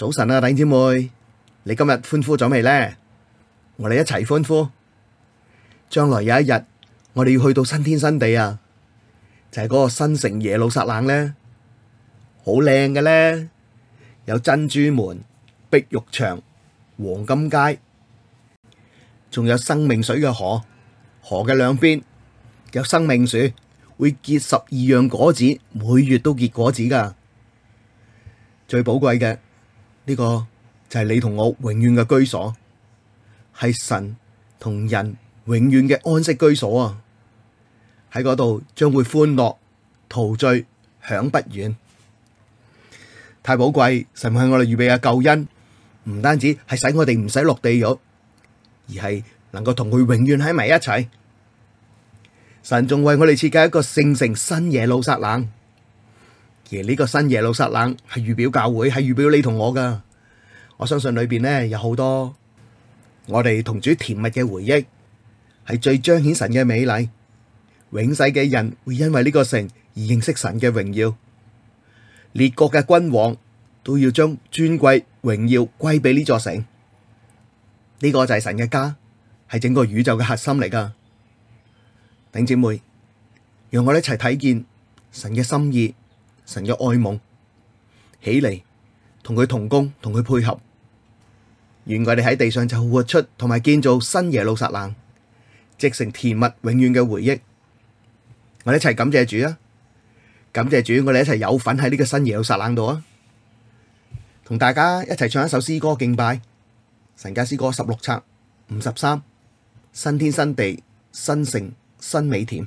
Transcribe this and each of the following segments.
早晨啊，弟兄姊妹，你今日歡呼咗未呢？我哋一齊歡呼！將來有一日，我哋要去到新天新地啊，就係嗰個新城耶路撒冷咧，好靚嘅咧，有珍珠門、碧玉牆、黃金街，仲有生命水嘅河，河嘅兩邊有生命樹，會結十二樣果子，每月都結果子噶，最寶貴嘅。呢個就係你同我永遠嘅居所，係神同人永遠嘅安息居所啊！喺嗰度將會歡樂、陶醉、享不完，太寶貴！神係我哋預備嘅救恩，唔單止係使我哋唔使落地獄，而係能夠同佢永遠喺埋一齊。神仲為我哋設計一個聖城新耶路撒冷。而呢個新耶路撒冷係預表教會，係預表你同我噶。我相信裏邊呢有好多我哋同主甜蜜嘅回憶，係最彰顯神嘅美麗。永世嘅人會因為呢個城而認識神嘅榮耀。列國嘅君王都要將尊貴榮耀歸俾呢座城。呢個就係神嘅家，係整個宇宙嘅核心嚟噶。頂姐妹，讓我哋一齊睇見神嘅心意。神嘅愛夢起嚟，同佢同工，同佢配合，願我哋喺地上就活出，同埋建造新耶路撒冷，織成甜蜜永遠嘅回憶。我哋一齊感謝主啊！感謝主，我哋一齊有份喺呢個新耶路撒冷度啊！同大家一齊唱一首詩歌敬拜，神家詩歌十六冊五十三，新天新地，新城新美甜。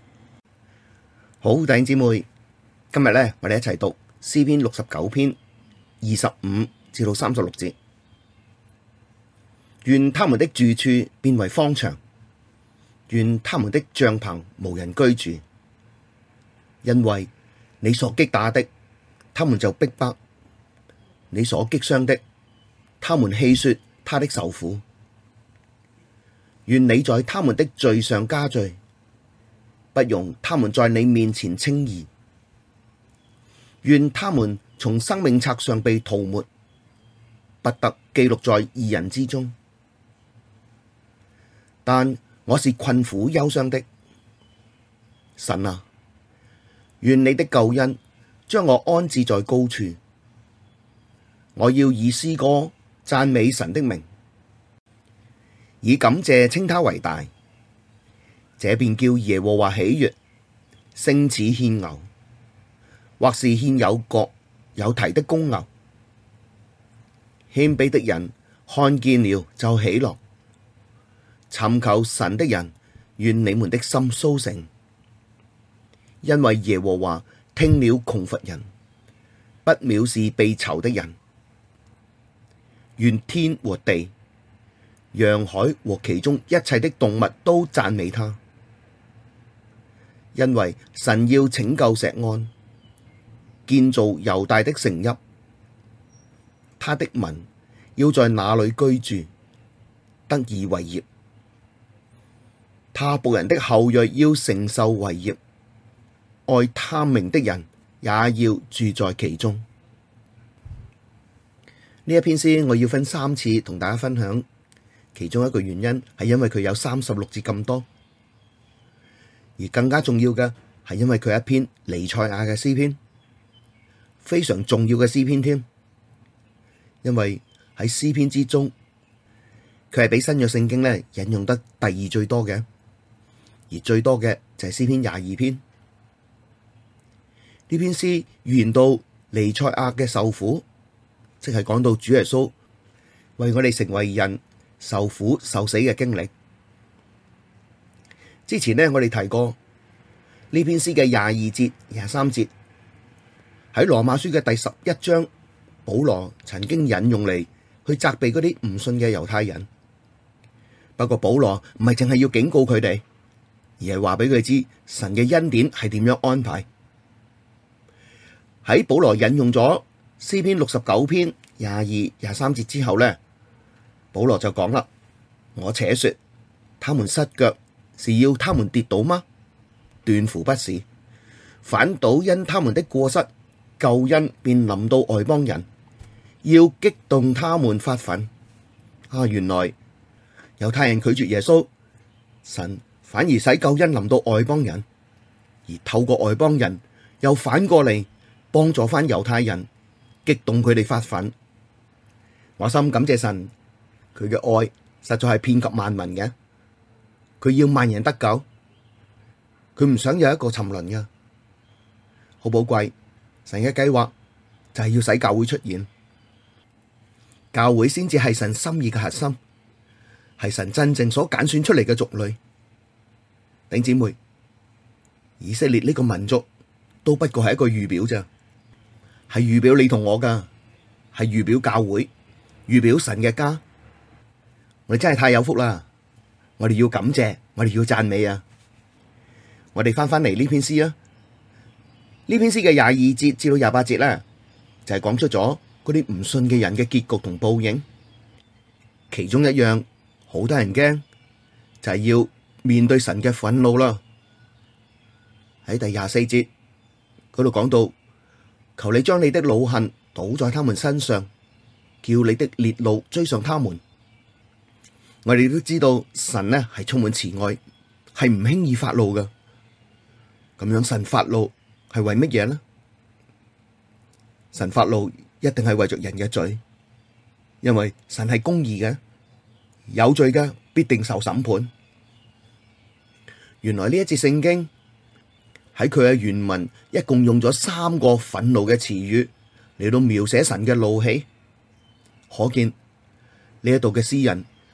好弟兄姊妹，今日咧，我哋一齊讀詩篇六十九篇二十五至到三十六節。願他們的住處變為荒場，願他們的帳篷無人居住。因為你所擊打的，他們就逼迫；你所擊傷的，他們戲說他的受苦。願你在他們的罪上加罪。不容他們在你面前稱義，願他們從生命冊上被塗抹，不得記錄在義人之中。但我是困苦憂傷的，神啊，願你的救恩將我安置在高處。我要以詩歌讚美神的名，以感謝稱他為大。這便叫耶和華喜悅，勝似獻牛，或是獻有角有蹄的公牛。謙卑的人看見了就喜樂，尋求神的人，願你們的心甦醒，因為耶和華聽了窮乏人，不藐視被囚的人。願天和地，洋海和其中一切的動物都讚美他。因為神要拯救錫安，建造猶大的城邑，他的民要在那裡居住，得以為業。他僕人的後裔要承受為業，愛他名的人也要住在其中。呢一篇詩我要分三次同大家分享，其中一個原因係因為佢有三十六節咁多。而更加重要嘅係因為佢一篇彌賽亞嘅詩篇，非常重要嘅詩篇添。因為喺詩篇之中，佢係俾新約聖經咧引用得第二最多嘅。而最多嘅就係詩篇廿二篇呢篇詩，預言到彌賽亞嘅受苦，即係講到主耶穌為我哋成為人受苦受死嘅經歷。之前呢，我哋提過呢篇詩嘅廿二節、廿三節喺羅馬書嘅第十一章，保羅曾經引用嚟去責備嗰啲唔信嘅猶太人。不過保羅唔係淨係要警告佢哋，而係話俾佢知神嘅恩典係點樣安排。喺保羅引用咗詩篇六十九篇廿二廿三節之後呢，保羅就講啦：我且說，他們失腳。是要他們跌倒嗎？斷乎不是，反倒因他們的過失，救恩便臨到外邦人，要激動他們發憤。啊，原來猶太人拒絕耶穌，神反而使救恩臨到外邦人，而透過外邦人又反過嚟幫助返猶太人，激動佢哋發憤。我心感謝神，佢嘅愛實在係遍及萬民嘅。佢要萬人得救，佢唔想有一個沉淪嘅，好寶貴。神嘅計劃就係要使教會出現，教會先至係神心意嘅核心，係神真正所揀選出嚟嘅族類。頂姊妹，以色列呢個民族都不過係一個預表咋，係預表你同我噶，係預表教會，預表神嘅家。我哋真係太有福啦！我哋要感謝，我哋要讚美啊！我哋翻翻嚟呢篇詩啊，呢篇詩嘅廿二節至到廿八節啦，就係講出咗嗰啲唔信嘅人嘅結局同報應，其中一樣好得人驚，就係要面對神嘅憤怒啦。喺第廿四節嗰度講到，求你將你的惱恨倒在他們身上，叫你的烈怒追上他們。我哋都知道神呢係充滿慈愛，係唔輕易發怒嘅。咁樣神發怒係爲乜嘢呢？神發怒一定係爲着人嘅罪，因爲神係公義嘅，有罪嘅必定受審判。原來呢一節聖經喺佢嘅原文一共用咗三個憤怒嘅詞語嚟到描寫神嘅怒氣，可見呢一度嘅詩人。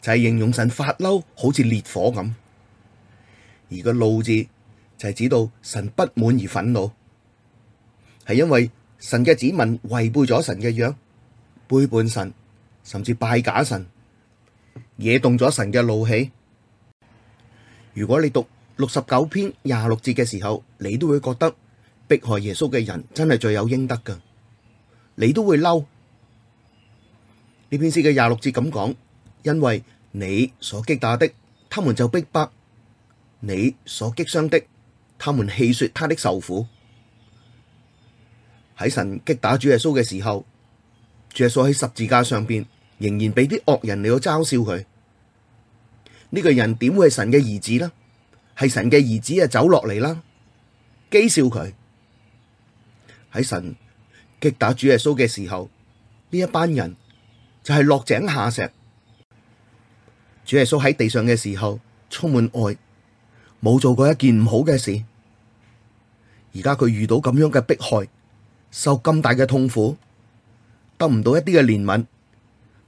就係形容神發嬲，好似烈火咁；而個怒字就係指到神不滿而憤怒，係因為神嘅子民違背咗神嘅約，背叛神，甚至拜假神，惹動咗神嘅怒氣。如果你讀六十九篇廿六節嘅時候，你都會覺得迫害耶穌嘅人真係罪有應得噶，你都會嬲。呢篇詩嘅廿六節咁講。因為你所擊打的，他們就逼迫；你所擊傷的，他們戲說他的受苦。喺神擊打主耶穌嘅時候，主耶穌喺十字架上邊，仍然俾啲惡人嚟到嘲笑佢。呢、這個人點會係神嘅兒子呢？係神嘅兒子啊，走落嚟啦，譏笑佢。喺神擊打主耶穌嘅時候，呢一班人就係落井下石。主耶穌喺地上嘅時候充滿愛，冇做過一件唔好嘅事。而家佢遇到咁樣嘅迫害，受咁大嘅痛苦，得唔到一啲嘅憐憫，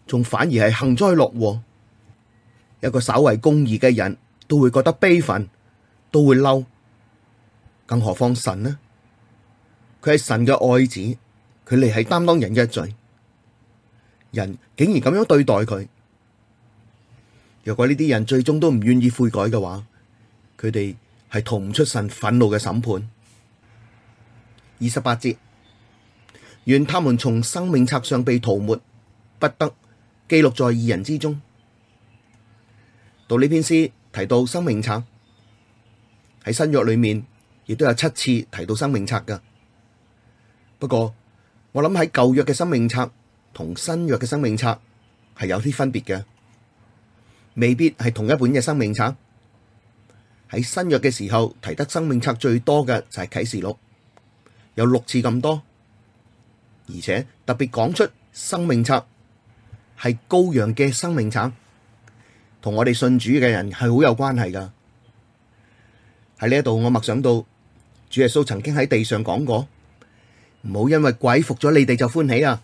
仲反而係幸災樂禍。一個稍為公義嘅人都會覺得悲憤，都會嬲，更何況神呢？佢係神嘅愛子，佢嚟係擔當人嘅罪，人竟然咁樣對待佢。若果呢啲人最終都唔願意悔改嘅話，佢哋係逃唔出神憤怒嘅審判。二十八節，願他們從生命冊上被塗抹，不得記錄在義人之中。讀呢篇詩提到生命冊，喺新約裏面，亦都有七次提到生命冊㗎。不過，我諗喺舊約嘅生命冊同新約嘅生命冊係有啲分別嘅。未必係同一本嘅生命冊。喺新約嘅時候提得生命冊最多嘅就係啟示錄，有六次咁多。而且特別講出生命冊係羔羊嘅生命冊，同我哋信主嘅人係好有關係㗎。喺呢一度我默想到，主耶穌曾經喺地上講過：唔好因為鬼服咗你哋就歡喜啊，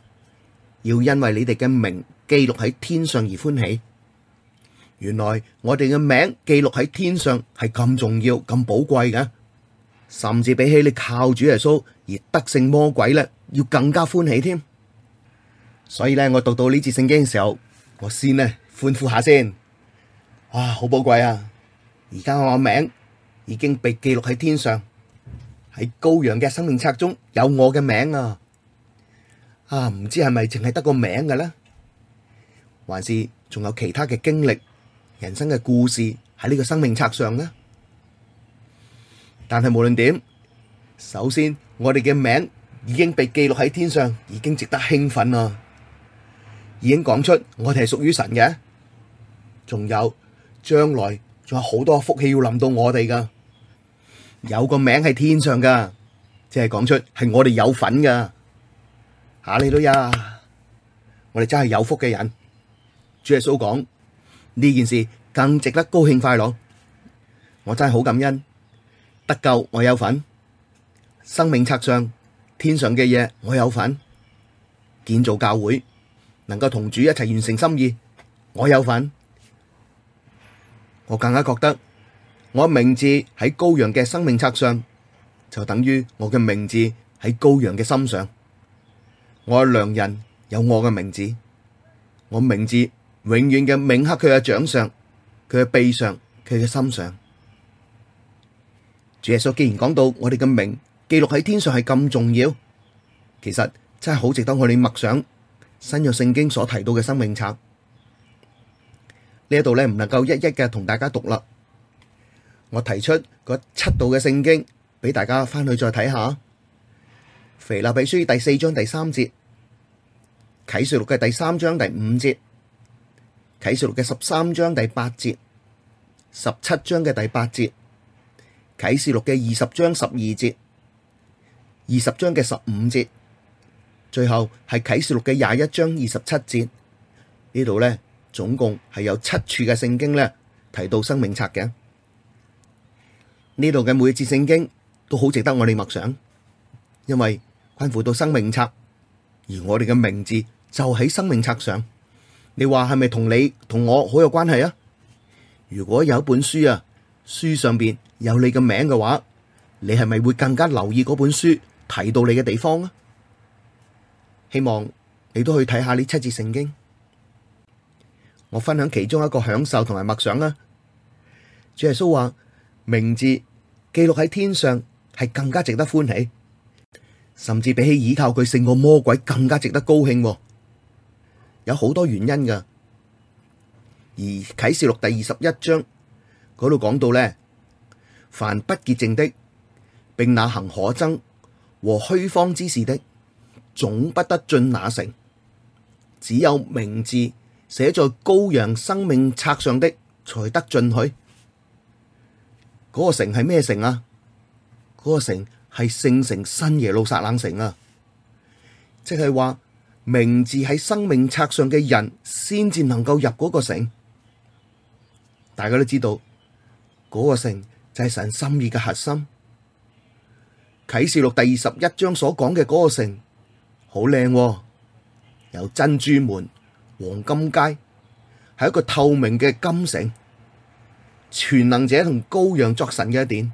要因為你哋嘅名記錄喺天上而歡喜。原來我哋嘅名記錄喺天上係咁重要、咁寶貴嘅，甚至比起你靠主耶穌而得勝魔鬼咧，要更加歡喜添。所以咧，我讀到呢節聖經嘅時候，我先呢歡呼下先。哇，好寶貴啊！而家我名已經被記錄喺天上，喺羔羊嘅生命冊中有我嘅名啊！啊，唔知係咪淨係得個名嘅咧，還是仲有其他嘅經歷？人生嘅故事喺呢個生命冊上咧，但係無論點，首先我哋嘅名已經被記錄喺天上，已經值得興奮啦！已經講出我哋係屬於神嘅，仲有將來仲有好多福氣要臨到我哋噶，有個名喺天上噶，即係講出係我哋有份噶，吓、啊、你都呀，我哋真係有福嘅人，主耶穌講。呢件事更值得高興快樂，我真係好感恩得救，我有份生命冊上天上嘅嘢，我有份建造教會，能夠同主一齊完成心意，我有份。我更加覺得我名字喺羔羊嘅生命冊上，就等於我嘅名字喺羔羊嘅心上。我良人有我嘅名字，我名字。永遠嘅銘刻佢嘅掌上、佢嘅臂上、佢嘅心上。主耶穌既然講到我哋嘅名記錄喺天上係咁重要，其實真係好值得我哋默想新約聖經所提到嘅生命冊。呢一度咧，唔能夠一一嘅同大家讀啦，我提出個七道嘅聖經俾大家翻去再睇下。腓立比書第四章第三節，啟示錄嘅第三章第五節。啟示錄嘅十三章第八節、十七章嘅第八節、啟示錄嘅二十章十二節、二十章嘅十五節，最後係啟示錄嘅廿一章二十七節。呢度咧，總共係有七處嘅聖經咧提到生命冊嘅。呢度嘅每節聖經都好值得我哋默想，因為關乎到生命冊，而我哋嘅名字就喺生命冊上。你話係咪同你同我好有關係啊？如果有本書啊，書上邊有你嘅名嘅話，你係咪會更加留意嗰本書提到你嘅地方啊？希望你都去睇下呢七節聖經。我分享其中一個享受同埋默想啊。主耶穌話：名字記錄喺天上係更加值得歡喜，甚至比起倚靠佢勝過魔鬼更加值得高興。有好多原因噶，而啟示錄第二十一章嗰度講到呢：「凡不潔淨的，並那行可憎和虛謊之事的，總不得進那城。只有名字寫在羔羊生命冊上的，才得進去。嗰個城係咩城啊？嗰個城係聖城新耶路撒冷城啊！即係話，名字喺生命冊上嘅人，先至能夠入嗰個城。大家都知道，嗰個城就係神心意嘅核心。啟示錄第二十一章所講嘅嗰個城，好靚喎，有珍珠門、黃金街，係一個透明嘅金城。全能者同羔羊作神嘅一點，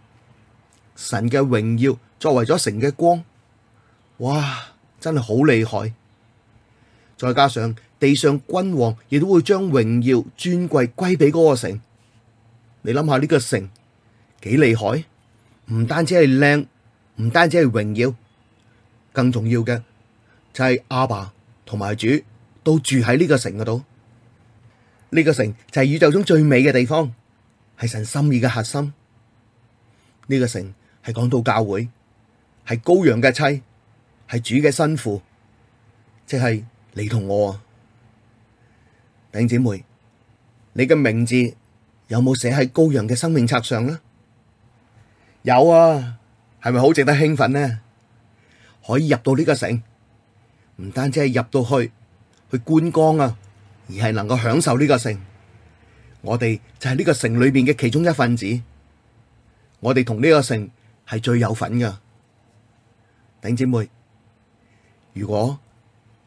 神嘅榮耀作為咗城嘅光。哇，真係好厲害！再加上地上君王亦都會將榮耀尊貴歸俾嗰個城。你諗下呢個城幾厲害？唔單止係靚，唔單止係榮耀，更重要嘅就係阿爸同埋主都住喺呢個城嗰度。呢個城就係宇宙中最美嘅地方，係神心意嘅核心。呢個城係講到教會，係羔羊嘅妻，係主嘅新婦，即係。你同我啊，頂姐妹，你嘅名字有冇寫喺羔羊嘅生命冊上呢？有啊，係咪好值得興奮呢？可以入到呢個城，唔單止係入到去去觀光啊，而係能夠享受呢個城。我哋就係呢個城裏邊嘅其中一份子，我哋同呢個城係最有份噶。頂姐妹，如果。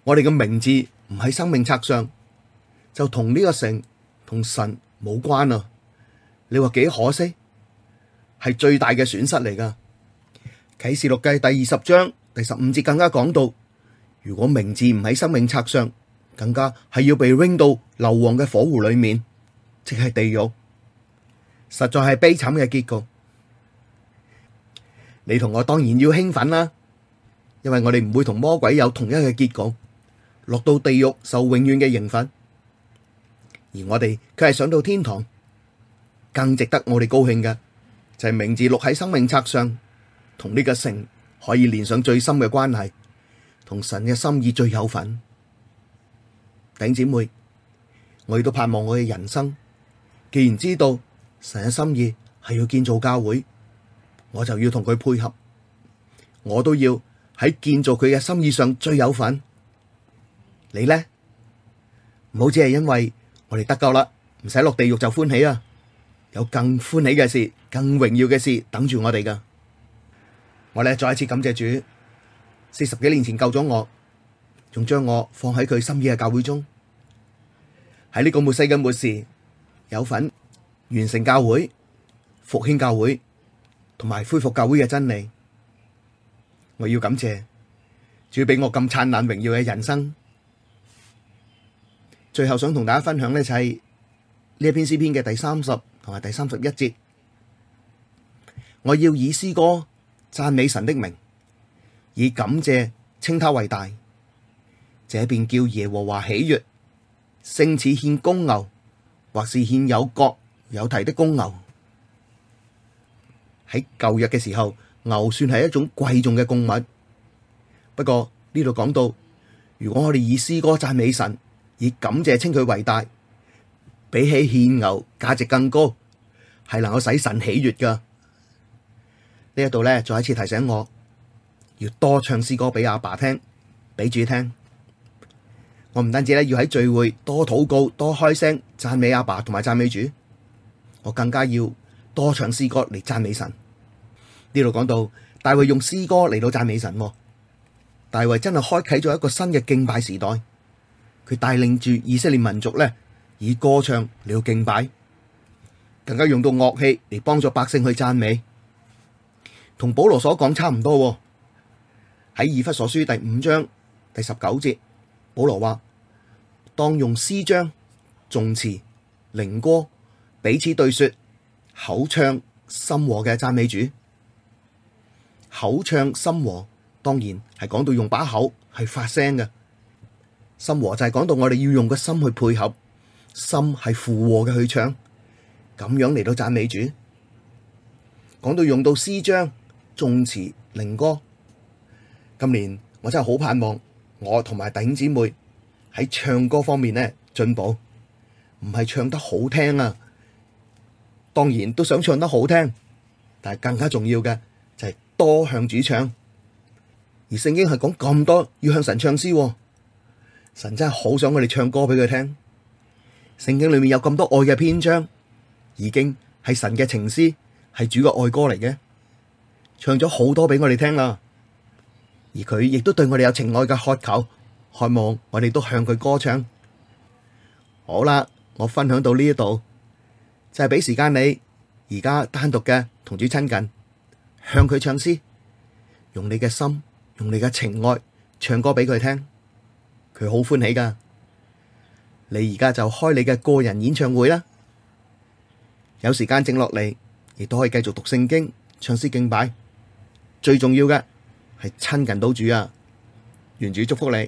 我哋嘅名字唔喺生命冊上，就同呢個城同神冇關啊。你話幾可惜，係最大嘅損失嚟噶。啟示錄嘅第二十章第十五節更加講到，如果名字唔喺生命冊上，更加係要被扔到硫磺嘅火湖裡面，即係地獄，實在係悲慘嘅結局。你同我當然要興奮啦，因為我哋唔會同魔鬼有同一嘅結果。落到地獄受永遠嘅刑罰，而我哋卻係上到天堂，更值得我哋高興嘅就係名字錄喺生命冊上，同呢個城可以連上最深嘅關係，同神嘅心意最有份。頂姊妹，我亦都盼望我嘅人生，既然知道神嘅心意係要建造教會，我就要同佢配合，我都要喺建造佢嘅心意上最有份。你咧，唔好只係因為我哋得救啦，唔使落地獄就歡喜啊！有更歡喜嘅事，更榮耀嘅事等住我哋噶。我咧再一次感謝主，四十幾年前救咗我，仲將我放喺佢心意嘅教會中，喺呢個末世嘅末時，有份完成教會、復興教會同埋恢復教會嘅真理。我要感謝主俾我咁燦爛榮耀嘅人生。最後想同大家分享咧，就係呢一篇詩篇嘅第三十同埋第三十一節。我要以詩歌讚美神的名，以感謝稱他為大。這便叫耶和華喜悅，勝似獻公牛或是獻有角有蹄的公牛。喺舊日嘅時候，牛算係一種貴重嘅貢物。不過呢度講到，如果我哋以詩歌讚美神。以感謝稱佢為大，比起獻牛價值更高，係能夠使神喜悅嘅。呢一度咧，再一次提醒我要多唱詩歌俾阿爸，爸聽，俾主聽。我唔單止咧要喺聚會多禱告、多開聲讚美阿爸同埋讚美主，我更加要多唱詩歌嚟讚美神。呢度講到大衛用詩歌嚟到讚美神，啊，大衛真係開啟咗一個新嘅敬拜時代。佢帶領住以色列民族咧，以歌唱嚟敬拜，更加用到樂器嚟幫助百姓去讚美，同保羅所講差唔多。喺以弗所書第五章第十九節，保羅話：當用詩章、頌詞、靈歌彼此對說，口唱心和嘅讚美主。口唱心和，當然係講到用把口去發聲嘅。心和就係講到我哋要用個心去配合，心係附和嘅，去唱，咁樣嚟，到讚美主。講到用到詩章、頌詞、靈歌，今年我真係好盼望我同埋弟兄姊妹喺唱歌方面呢進步，唔係唱得好聽啊。當然都想唱得好聽，但係更加重要嘅，就係多向主唱，而聖經係講咁多要向神唱詩啊。神真係好想我哋唱歌俾佢聽，聖經裏面有咁多愛嘅篇章，已經係神嘅情詩，係主嘅愛歌嚟嘅，唱咗好多俾我哋聽啦。而佢亦都對我哋有情愛嘅渴求、渴望，我哋都向佢歌唱。好啦，我分享到呢一度，就係、是，俾時間你而家單獨嘅同主親近，向佢唱詩，用你嘅心，用你嘅情愛唱歌俾佢聽。佢好歡喜噶，你而家就開你嘅個人演唱會啦。有時間靜落嚟，亦都可以繼續讀聖經、唱詩敬拜。最重要嘅係親近到主啊！願主祝福你。